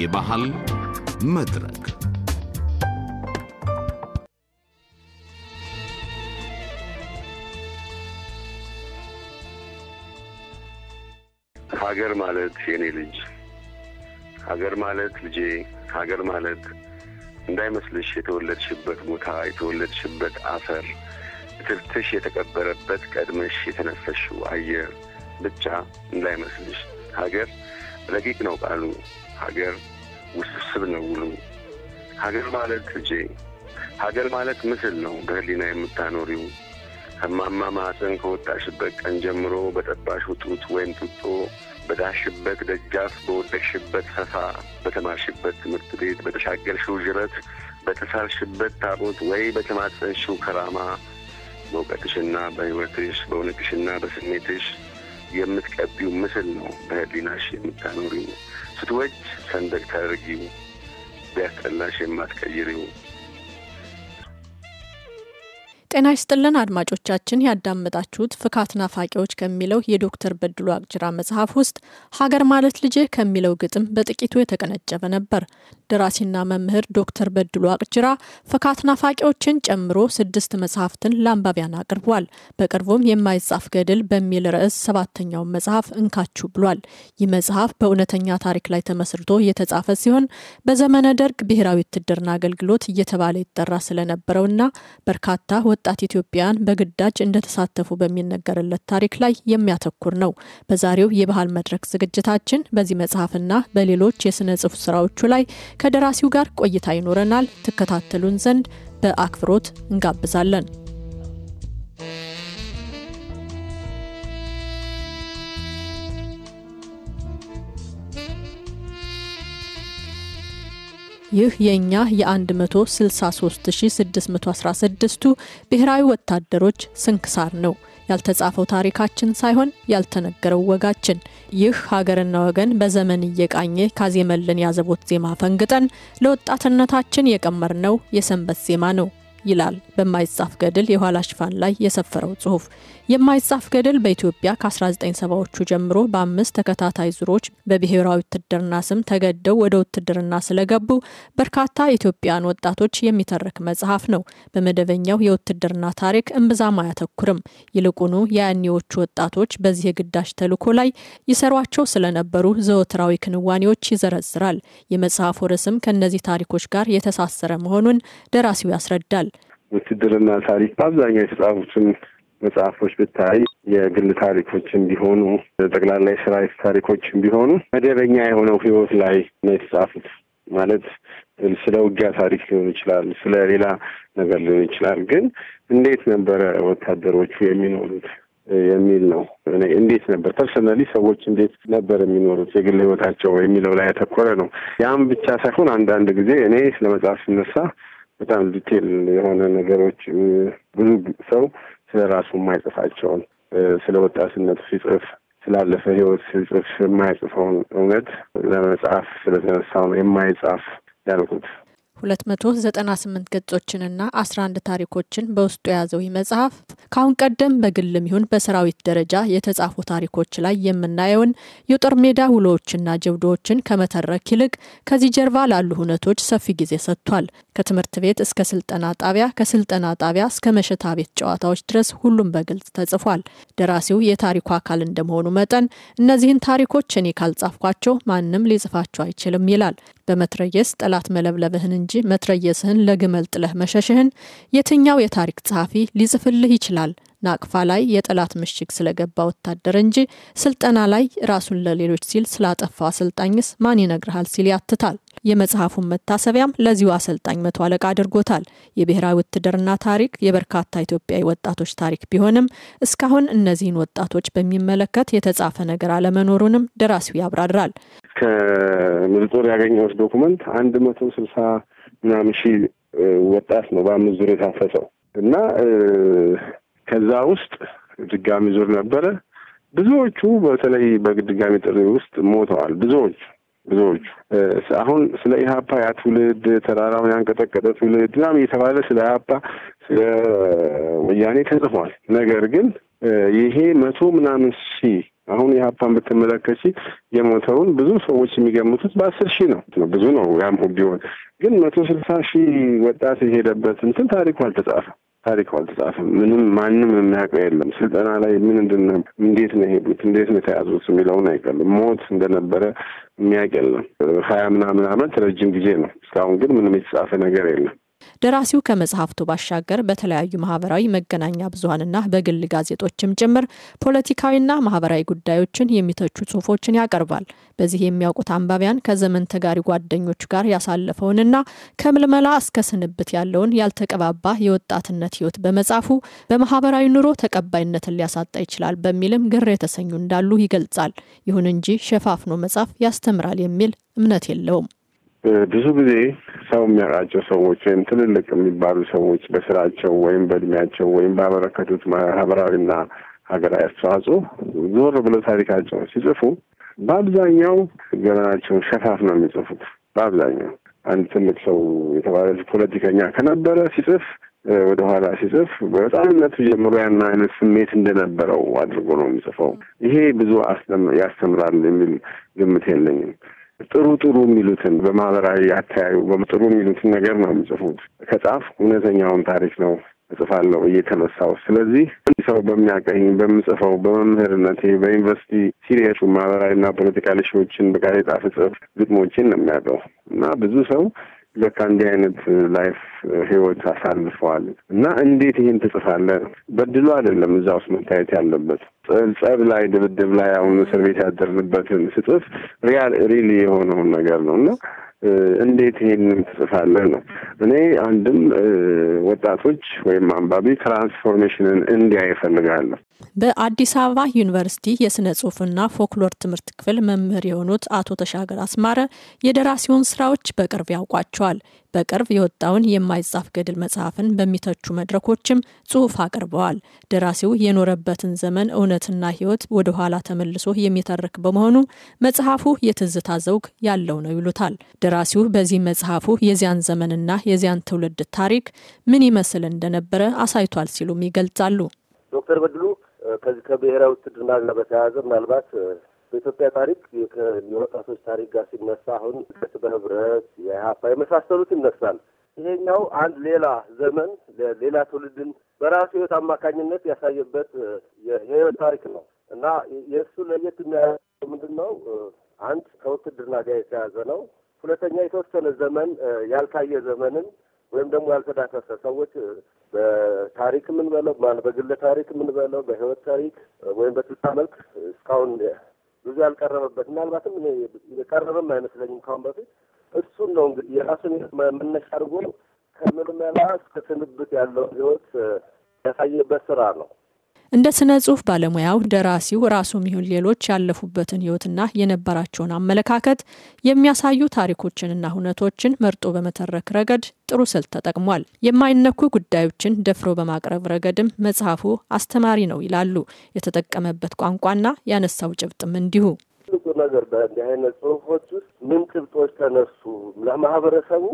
የባህል መድረክ ሀገር ማለት የኔ ልጅ፣ ሀገር ማለት ልጄ፣ ሀገር ማለት እንዳይመስልሽ የተወለድሽበት ቦታ፣ የተወለድሽበት አፈር፣ ትርትሽ የተቀበረበት ቀድመሽ የተነፈሽው አየር ብቻ እንዳይመስልሽ ሀገር ረቂቅ ነው ቃሉ፣ ሀገር ውስብስብ ነው ውሉ። ሀገር ማለት እጄ ሀገር ማለት ምስል ነው በህሊና የምታኖሪው ከማማ ማህፀን ከወጣሽበት ቀን ጀምሮ በጠባሽ ጡት ወይም ጡጦ፣ በዳሽበት ደጃፍ፣ በወደቅሽበት ሰፋ፣ በተማርሽበት ትምህርት ቤት፣ በተሻገርሽው ዥረት፣ በተሳልሽበት ታቦት ወይ በተማፀንሽው ከራማ በእውቀትሽና በህይወትሽ፣ በእውነትሽና በስሜትሽ የምትቀቢው ምስል ነው በህሊናሽ የምታኖሪው ስትወጅ ሰንደቅ ታደርጊው ቢያስጠላሽ የማትቀይሪው ጤና ይስጥልን አድማጮቻችን፣ ያዳመጣችሁት ፍካት ናፋቂዎች ከሚለው የዶክተር በድሉ አቅጅራ መጽሐፍ ውስጥ ሀገር ማለት ልጄ ከሚለው ግጥም በጥቂቱ የተቀነጨበ ነበር። ደራሲና መምህር ዶክተር በድሉ አቅጅራ ፍካት ናፋቂዎችን ጨምሮ ስድስት መጽሐፍትን ለአንባቢያን አቅርቧል። በቅርቡም የማይጻፍ ገድል በሚል ርዕስ ሰባተኛውን መጽሐፍ እንካችሁ ብሏል። ይህ መጽሐፍ በእውነተኛ ታሪክ ላይ ተመስርቶ የተጻፈ ሲሆን በዘመነ ደርግ ብሔራዊ ውትድርና አገልግሎት እየተባለ ይጠራ ስለነበረውና በርካታ ወጣት ኢትዮጵያን በግዳጅ እንደተሳተፉ በሚነገርለት ታሪክ ላይ የሚያተኩር ነው። በዛሬው የባህል መድረክ ዝግጅታችን በዚህ መጽሐፍና በሌሎች የሥነ ጽሑፍ ስራዎቹ ላይ ከደራሲው ጋር ቆይታ ይኖረናል። ትከታተሉን ዘንድ በአክብሮት እንጋብዛለን። ይህ የእኛ የ163616ቱ ብሔራዊ ወታደሮች ስንክሳር ነው። ያልተጻፈው ታሪካችን ሳይሆን ያልተነገረው ወጋችን። ይህ ሀገርና ወገን በዘመን እየቃኘ ካዜመልን ያዘቦት ዜማ ፈንግጠን ለወጣትነታችን የቀመርነው የሰንበት ዜማ ነው ይላል በማይጻፍ ገድል የኋላ ሽፋን ላይ የሰፈረው ጽሑፍ። የማይጻፍ ገደል በኢትዮጵያ ከ1970ዎቹ ጀምሮ በአምስት ተከታታይ ዙሮች በብሔራዊ ውትድርና ስም ተገደው ወደ ውትድርና ስለገቡ በርካታ ኢትዮጵያን ወጣቶች የሚተርክ መጽሐፍ ነው። በመደበኛው የውትድርና ታሪክ እምብዛም አያተኩርም። ይልቁኑ የያኔዎቹ ወጣቶች በዚህ የግዳጅ ተልዕኮ ላይ ይሰሯቸው ስለነበሩ ዘወትራዊ ክንዋኔዎች ይዘረዝራል። የመጽሐፉ ርዕስም ከእነዚህ ታሪኮች ጋር የተሳሰረ መሆኑን ደራሲው ያስረዳል። ውትድርና ታሪክ በአብዛኛው የተጻፉትን መጽሐፎች ብታይ የግል ታሪኮችም ቢሆኑ ጠቅላላ የስራ ታሪኮችም ቢሆኑ መደበኛ የሆነው ህይወት ላይ ነው የተጻፉት። ማለት ስለ ውጊያ ታሪክ ሊሆን ይችላል፣ ስለ ሌላ ነገር ሊሆን ይችላል። ግን እንዴት ነበረ ወታደሮቹ የሚኖሩት የሚል ነው። እንዴት ነበር ፐርሰናሊ ሰዎች እንዴት ነበር የሚኖሩት የግል ህይወታቸው የሚለው ላይ ያተኮረ ነው። ያም ብቻ ሳይሆን አንዳንድ ጊዜ እኔ ስለ መጽሐፍ ሲነሳ በጣም ዲቴል የሆነ ነገሮች ብዙ ሰው ስለ ራሱ የማይጽፋቸውን ስለ ወጣትነቱ ሲጽፍ ስላለፈ ህይወት ሲጽፍ የማይጽፈውን እውነት ለመጽሐፍ ስለተነሳው የማይጻፍ ያልኩት። 298 ገጾችንና 11 ታሪኮችን በውስጡ የያዘው ይህ መጽሐፍ ከአሁን ቀደም በግልም ይሁን በሰራዊት ደረጃ የተጻፉ ታሪኮች ላይ የምናየውን የጦር ሜዳ ውሎዎችና ጀብዶዎችን ከመተረክ ይልቅ ከዚህ ጀርባ ላሉ ሁነቶች ሰፊ ጊዜ ሰጥቷል። ከትምህርት ቤት እስከ ስልጠና ጣቢያ፣ ከስልጠና ጣቢያ እስከ መሸታ ቤት ጨዋታዎች ድረስ ሁሉም በግልጽ ተጽፏል። ደራሲው የታሪኩ አካል እንደመሆኑ መጠን እነዚህን ታሪኮች እኔ ካልጻፍኳቸው ማንም ሊጽፋቸው አይችልም ይላል። በመትረየስ ጠላት መለብለብህን እንጂ መትረየስህን ለግመል ጥለህ መሸሽህን የትኛው የታሪክ ጸሐፊ ሊጽፍልህ ይችላል? ናቅፋ ላይ የጠላት ምሽግ ስለገባ ወታደር እንጂ ስልጠና ላይ ራሱን ለሌሎች ሲል ስላጠፋው አሰልጣኝስ ማን ይነግርሃል? ሲል ያትታል። የመጽሐፉን መታሰቢያም ለዚሁ አሰልጣኝ መቶ አለቃ አድርጎታል። የብሔራዊ ውትድርና ታሪክ የበርካታ ኢትዮጵያዊ ወጣቶች ታሪክ ቢሆንም እስካሁን እነዚህን ወጣቶች በሚመለከት የተጻፈ ነገር አለመኖሩንም ደራሲው ያብራራል። ከምዝጦር ያገኘሁት ዶኩመንት አንድ መቶ ስልሳ ምናምን ሺህ ወጣት ነው በአምስት ዙር የታፈሰው እና ከዛ ውስጥ ድጋሚ ዙር ነበረ። ብዙዎቹ በተለይ በድጋሚ ጥሪ ውስጥ ሞተዋል። ብዙዎቹ ብዙዎቹ አሁን ስለ ኢህአፓ ያ ትውልድ ተራራውን ያንቀጠቀጠ ትውልድ ናም እየተባለ ስለ ኢህአፓ ስለ ወያኔ ተጽፏል። ነገር ግን ይሄ መቶ ምናምን ሺ አሁን ኢህአፓን ብትመለከቺ የሞተውን ብዙ ሰዎች የሚገምቱት በአስር ሺህ ነው። ብዙ ነው ያም ቢሆን ግን መቶ ስልሳ ሺህ ወጣት የሄደበት እንትን ታሪኩ አልተጻፈም። ታሪኩ አልተጻፈም። ምንም ማንም የሚያውቀው የለም። ስልጠና ላይ ምን እንድነ እንዴት ነው የሄዱት፣ እንዴት ነው የተያዙት የሚለውን አይቀልም። ሞት እንደነበረ የሚያውቅ የለም። ሀያ ምናምን አመት ረጅም ጊዜ ነው። እስካሁን ግን ምንም የተጻፈ ነገር የለም። ደራሲው ከመጽሐፍቱ ባሻገር በተለያዩ ማህበራዊ መገናኛ ብዙሀንና በግል ጋዜጦችም ጭምር ፖለቲካዊና ማህበራዊ ጉዳዮችን የሚተቹ ጽሁፎችን ያቀርባል። በዚህ የሚያውቁት አንባቢያን ከዘመን ተጋሪ ጓደኞቹ ጋር ያሳለፈውንና ከምልመላ እስከ ስንብት ያለውን ያልተቀባባ የወጣትነት ህይወት በመጻፉ በማህበራዊ ኑሮ ተቀባይነትን ሊያሳጣ ይችላል በሚልም ግር የተሰኙ እንዳሉ ይገልጻል። ይሁን እንጂ ሸፋፍኖ መጻፍ ያስተምራል የሚል እምነት የለውም። ብዙ ጊዜ ሰው የሚያውቃቸው ሰዎች ወይም ትልልቅ የሚባሉ ሰዎች በስራቸው ወይም በእድሜያቸው ወይም ባበረከቱት ማህበራዊና ሀገራዊ አስተዋጽኦ ዞር ብለው ታሪካቸው ሲጽፉ በአብዛኛው ገበናቸው ሸፋፍ ነው የሚጽፉት። በአብዛኛው አንድ ትልቅ ሰው የተባለ ፖለቲከኛ ከነበረ ሲጽፍ ወደኋላ ሲጽፍ በህፃንነቱ ጀምሮ ያን አይነት ስሜት እንደነበረው አድርጎ ነው የሚጽፈው። ይሄ ብዙ ያስተምራል የሚል ግምት የለኝም። ጥሩ ጥሩ የሚሉትን በማህበራዊ አተያዩ ጥሩ የሚሉትን ነገር ነው የሚጽፉት። ከጻፍ እውነተኛውን ታሪክ ነው እጽፋለሁ እየተነሳው። ስለዚህ ሰው በሚያቀኝ በምጽፈው በመምህርነቴ በዩኒቨርሲቲ ሲሪየሱ ማህበራዊና ፖለቲካል ሺዎችን በጋዜጣ ስጽፍ ግጥሞችን ነው የሚያውቀው እና ብዙ ሰው ለካ እንዲህ አይነት ላይፍ ህይወት አሳልፈዋል እና እንዴት ይህን ትጽፋለህ? በድሎ አይደለም እዛ ውስጥ መታየት ያለበት ጸብ ላይ ድብድብ ላይ አሁን እስር ቤት ያደርንበትን ስጽፍ ሪያል ሪል የሆነውን ነገር ነው እና እንዴት ይህን ትጽፋለህ ነው እኔ አንድም ወጣቶች ወይም አንባቢ ትራንስፎርሜሽንን እንዲያ ይፈልጋለሁ። በአዲስ አበባ ዩኒቨርሲቲ የስነ ጽሁፍና ፎክሎር ትምህርት ክፍል መምህር የሆኑት አቶ ተሻገር አስማረ የደራሲውን ስራዎች በቅርብ ያውቋቸዋል። በቅርብ የወጣውን የማይጻፍ ገድል መጽሐፍን በሚተቹ መድረኮችም ጽሑፍ አቅርበዋል። ደራሲው የኖረበትን ዘመን እውነትና ሕይወት ወደ ኋላ ተመልሶ የሚተርክ በመሆኑ መጽሐፉ የትዝታ ዘውግ ያለው ነው ይሉታል። ደራሲው በዚህ መጽሐፉ የዚያን ዘመንና የዚያን ትውልድ ታሪክ ምን ይመስል እንደነበረ አሳይቷል ሲሉም ይገልጻሉ። ዶክተር በድሉ ከዚህ ከብሔራዊ ውትድርና ጋር በተያያዘ ምናልባት በኢትዮጵያ ታሪክ የወጣቶች ታሪክ ጋር ሲነሳ አሁን በህብረት የሀፓ የመሳሰሉት ይነሳል። ይሄኛው አንድ ሌላ ዘመን ሌላ ትውልድን በራሱ ህይወት አማካኝነት ያሳየበት የህይወት ታሪክ ነው እና የእሱ ለየት የሚያ ምንድን ነው? አንድ ከውትድርና ጋር የተያዘ ነው። ሁለተኛ የተወሰነ ዘመን ያልታየ ዘመንን ወይም ደግሞ ያልተዳሰሰ ሰዎች በታሪክ የምንበለው በግለ ታሪክ የምንበለው በህይወት ታሪክ ወይም በትልታ መልክ እስካሁን ብዙ ያልቀረበበት ምናልባትም የቀረበም አይመስለኝም ካሁን በፊት እሱን ነው እንግዲህ የራሱን መነሻ አድርጎ ከምርመራ እስከ ትንብት ያለው ህይወት ያሳየበት ስራ ነው። እንደ ስነ ጽሁፍ ባለሙያው ደራሲው ራሱም ይሁን ሌሎች ያለፉበትን ህይወትና የነበራቸውን አመለካከት የሚያሳዩ ታሪኮችንና ሁነቶችን መርጦ በመተረክ ረገድ ጥሩ ስልት ተጠቅሟል። የማይነኩ ጉዳዮችን ደፍሮ በማቅረብ ረገድም መጽሐፉ አስተማሪ ነው ይላሉ። የተጠቀመበት ቋንቋና ያነሳው ጭብጥም እንዲሁ ነገር በእንዲህ አይነት ጽሁፎች ውስጥ ምን ጭብጦች ተነሱ ለማህበረሰቡ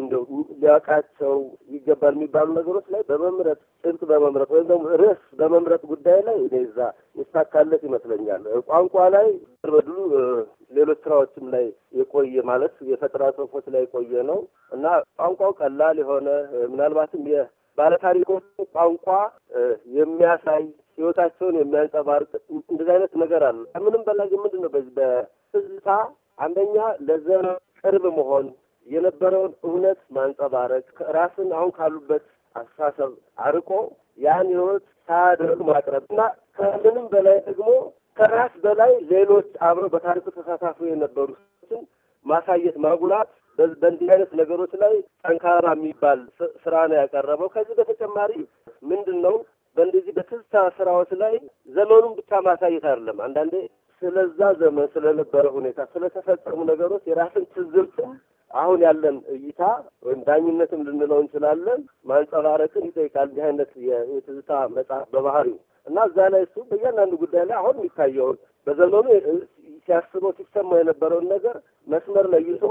እንደው ሊያውቃቸው ይገባል የሚባሉ ነገሮች ላይ በመምረጥ ጭብጥ በመምረጥ ወይም ደግሞ ርዕስ በመምረጥ ጉዳይ ላይ እኔ እዛ ይሳካለት ይመስለኛል። ቋንቋ ላይ በድሉ ሌሎች ስራዎችም ላይ የቆየ ማለት የፈጠራ ጽሁፎች ላይ የቆየ ነው እና ቋንቋው ቀላል የሆነ ምናልባትም የባለታሪኮች ቋንቋ የሚያሳይ ህይወታቸውን የሚያንጸባርቅ እንደዚህ አይነት ነገር አለ። ከምንም በላይ ግን ምንድን ነው በዚህ በትዝታ አንደኛ ለዘመን ቅርብ መሆን የነበረውን እውነት ማንጸባረቅ ራስን አሁን ካሉበት አስተሳሰብ አርቆ ያን ህይወት ሳያደርግ ማቅረብ እና ከምንም በላይ ደግሞ ከራስ በላይ ሌሎች አብረው በታሪኩ ተሳታፊ የነበሩ ማሳየት ማጉላት በእንዲህ አይነት ነገሮች ላይ ጠንካራ የሚባል ስራ ነው ያቀረበው። ከዚህ በተጨማሪ ምንድን ነው በእንደዚህ በትዝታ ስራዎች ላይ ዘመኑን ብቻ ማሳየት አይደለም። አንዳንዴ ስለዛ ዘመን ስለነበረ ሁኔታ ስለተፈጸሙ ነገሮች የራስን ትዝብትን አሁን ያለን እይታ ወይም ዳኝነትም ልንለው እንችላለን ማንጸባረቅን ይጠይቃል። እንዲህ አይነት የትዝታ መጽሐፍ በባህሪው እና እዛ ላይ እሱ በእያንዳንዱ ጉዳይ ላይ አሁን የሚታየውን በዘመኑ ሲያስበው ሲሰማው የነበረውን ነገር መስመር ለይቶ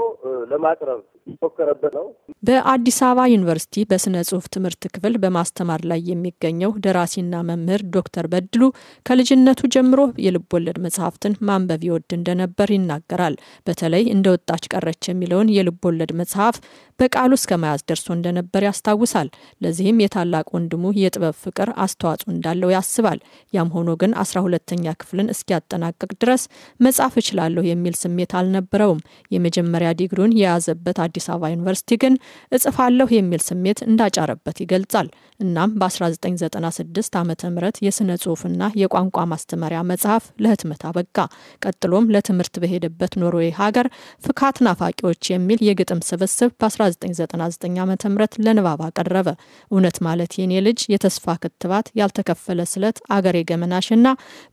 ለማቅረብ ሞከረበት ነው። በአዲስ አበባ ዩኒቨርሲቲ በስነ ጽሁፍ ትምህርት ክፍል በማስተማር ላይ የሚገኘው ደራሲና መምህር ዶክተር በድሉ ከልጅነቱ ጀምሮ የልቦወለድ መጽሐፍትን ማንበብ ይወድ እንደነበር ይናገራል። በተለይ እንደ ወጣች ቀረች የሚለውን የልቦወለድ መጽሐፍ በቃሉ እስከ መያዝ ደርሶ እንደነበር ያስታውሳል። ለዚህም የታላቅ ወንድሙ የጥበብ ፍቅር አስተዋጽኦ እንዳለው ያስባል። ያም ሆኖ ግን አስራ ሁለተኛ ክፍልን እስኪያጠናቅቅ ድረስ መጽ መጻፍ እችላለሁ የሚል ስሜት አልነበረውም። የመጀመሪያ ዲግሪውን የያዘበት አዲስ አበባ ዩኒቨርሲቲ ግን እጽፋለሁ የሚል ስሜት እንዳጫረበት ይገልጻል። እናም በ1996 ዓ ም የሥነ ጽሑፍና የቋንቋ ማስተማሪያ መጽሐፍ ለህትመት አበቃ። ቀጥሎም ለትምህርት በሄደበት ኖርዌይ ሀገር ፍካት ናፋቂዎች የሚል የግጥም ስብስብ በ1999 ዓ ም ለንባብ አቀረበ። እውነት ማለት የኔ ልጅ፣ የተስፋ ክትባት፣ ያልተከፈለ ስለት፣ አገሬ ገመናሽና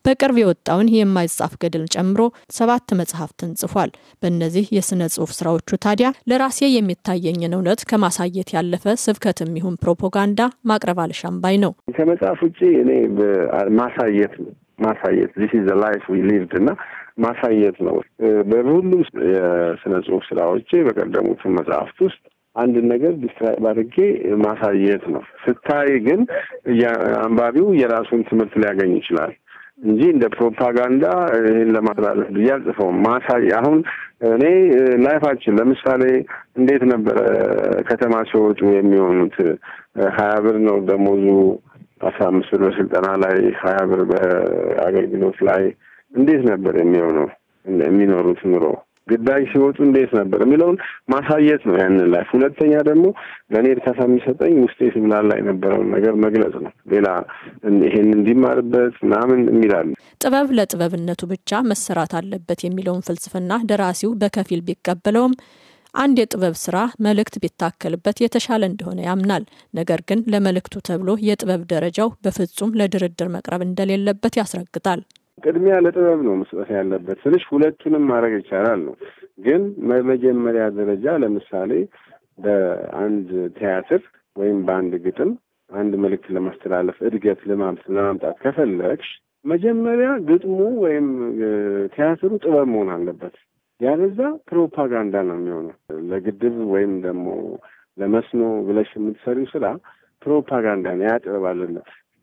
በቅርብ የወጣውን የማይጻፍ ገድል ጨምሮ ሰባት መጽሐፍትን ጽፏል። በእነዚህ የሥነ ጽሑፍ ሥራዎቹ ታዲያ ለራሴ የሚታየኝን እውነት ከማሳየት ያለፈ ስብከትም ይሁን ፕሮፓጋንዳ ማቅረብ አልሻምባይ ነው። ከመጽሐፍ ውጭ እኔ ማሳየት ነው ማሳየት ዚስ ኢዝ ላይፍ ዊ ሊቭድ እና ማሳየት ነው። በሁሉም የሥነ ጽሑፍ ስራዎቼ በቀደሙት መጽሐፍት ውስጥ አንድን ነገር ዲስትራይብ አድርጌ ማሳየት ነው። ስታይ ግን አንባቢው የራሱን ትምህርት ሊያገኝ ይችላል። እንጂ እንደ ፕሮፓጋንዳ ይህን ለማላለፍ ብዬ አልጽፈውም። ማሳይ አሁን እኔ ላይፋችን ለምሳሌ እንዴት ነበረ ከተማ ሲወጡ የሚሆኑት ሀያ ብር ነው ደሞዙ፣ አስራ አምስት ብር በስልጠና ላይ፣ ሀያ ብር በአገልግሎት ላይ እንዴት ነበር የሚሆነው የሚኖሩት ኑሮ ግዳጅ ሲወጡ እንዴት ነበር የሚለውን ማሳየት ነው። ያንን ላይ ሁለተኛ ደግሞ ለእኔ እርካታ የሚሰጠኝ ውስጤ ሲብላላ የነበረውን ነገር መግለጽ ነው። ሌላ ይሄን እንዲማርበት ምናምን የሚላል ጥበብ ለጥበብነቱ ብቻ መሰራት አለበት የሚለውን ፍልስፍና ደራሲው በከፊል ቢቀበለውም አንድ የጥበብ ስራ መልእክት ቢታከልበት የተሻለ እንደሆነ ያምናል። ነገር ግን ለመልእክቱ ተብሎ የጥበብ ደረጃው በፍጹም ለድርድር መቅረብ እንደሌለበት ያስረግጣል። ቅድሚያ ለጥበብ ነው መስጠት ያለበት ስልሽ ሁለቱንም ማድረግ ይቻላል ነው። ግን መጀመሪያ ደረጃ ለምሳሌ በአንድ ቲያትር ወይም በአንድ ግጥም አንድ መልእክት ለማስተላለፍ እድገት ለማምጣት ከፈለግሽ መጀመሪያ ግጥሙ ወይም ቲያትሩ ጥበብ መሆን አለበት። ያለዛ ፕሮፓጋንዳ ነው የሚሆነው። ለግድብ ወይም ደግሞ ለመስኖ ብለሽ የምትሰሪው ስራ ፕሮፓጋንዳ ነው። ያ ጥበብ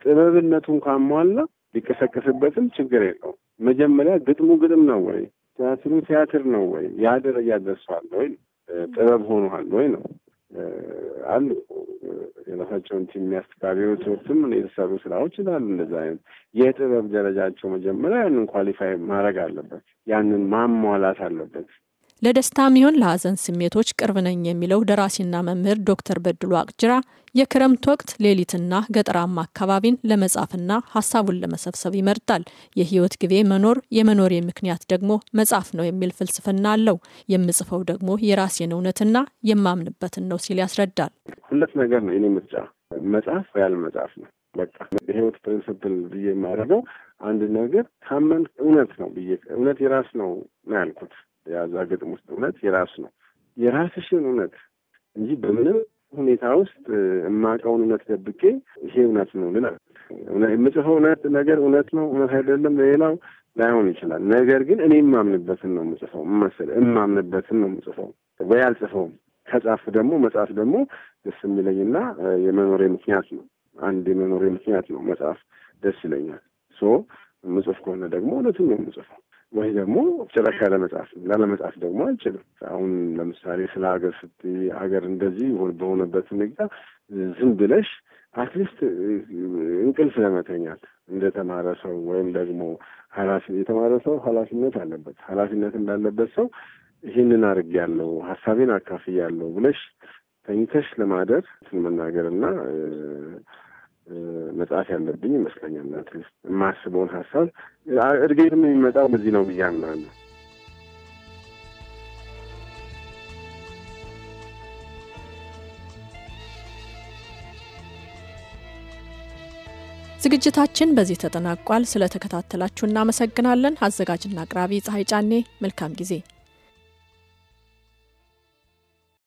ጥበብነቱ እንኳን ሟላ ሊቀሰቀስበትም ችግር የለው መጀመሪያ ግጥሙ ግጥም ነው ወይ ቲያትሩ ቲያትር ነው ወይ ያ ደረጃ ደርሷል ወይ ጥበብ ሆኗል ወይ ነው አሉ የራሳቸውን ቲም የሚያስተካቢው ትምህርትም የተሰሩ ስራዎች ይላሉ። እንደዛ አይነት የጥበብ ደረጃቸው መጀመሪያ ያንን ኳሊፋይ ማድረግ አለበት፣ ያንን ማሟላት አለበት። ለደስታም ይሁን ለሀዘን ስሜቶች ቅርብ ነኝ የሚለው ደራሲና መምህር ዶክተር በድሉ አቅጅራ የክረምት ወቅት ሌሊትና ገጠራማ አካባቢን ለመጻፍና ሀሳቡን ለመሰብሰብ ይመርጣል። የህይወት ጊዜ መኖር የመኖር ምክንያት ደግሞ መጻፍ ነው የሚል ፍልስፍና አለው። የምጽፈው ደግሞ የራሴን እውነትና የማምንበትን ነው ሲል ያስረዳል። ሁለት ነገር ነው የኔ ምርጫ፣ መጻፍ ያለ መጻፍ ነው። በቃ የህይወት ፕሪንስፕል ብዬ የማደርገው አንድ ነገር ካመን እውነት ነው ብዬ እውነት የራስ ነው ነው ያልኩት የያዛ ግጥም ውስጥ እውነት የራስ ነው የራስሽን እውነት እንጂ በምንም ሁኔታ ውስጥ የማውቀውን እውነት ደብቄ ይሄ እውነት ነው ልላል። የምጽፈው እውነት ነገር እውነት ነው እውነት አይደለም ሌላው ላይሆን ይችላል። ነገር ግን እኔ የማምንበትን ነው የምጽፈው መስል የማምንበትን ነው የምጽፈው ወይ አልጽፈውም። ከጻፍ ደግሞ መጽሐፍ ደግሞ ደስ የሚለኝና የመኖሬ ምክንያት ነው። አንድ የመኖሬ ምክንያት ነው መጽሐፍ ደስ ይለኛል። ሶ ምጽፍ ከሆነ ደግሞ እውነትን ነው የምጽፈው። ወይ ደግሞ ጭራሽ ያለመጻፍ ላለመጻፍ ደግሞ አይችልም። አሁን ለምሳሌ ስለ ሀገር ስት ሀገር እንደዚህ በሆነበት ሁኔታ ዝም ብለሽ አትሊስት እንቅልፍ ለመተኛት እንደ ተማረ ሰው ወይም ደግሞ ኃላፊ የተማረ ሰው ኃላፊነት አለበት። ኃላፊነት እንዳለበት ሰው ይህንን ያለው ሀሳቤን ያለው ብለሽ ተኝተሽ ለማደር እንትን መናገር እና መጽሐፍ ያለብኝ ይመስለኛል። ትስ የማስበውን ሀሳብ እድገትም የሚመጣው በዚህ ነው ብዬ አምናለሁ። ዝግጅታችን በዚህ ተጠናቋል። ስለተከታተላችሁ እናመሰግናለን። አዘጋጅና አቅራቢ ፀሐይ ጫኔ። መልካም ጊዜ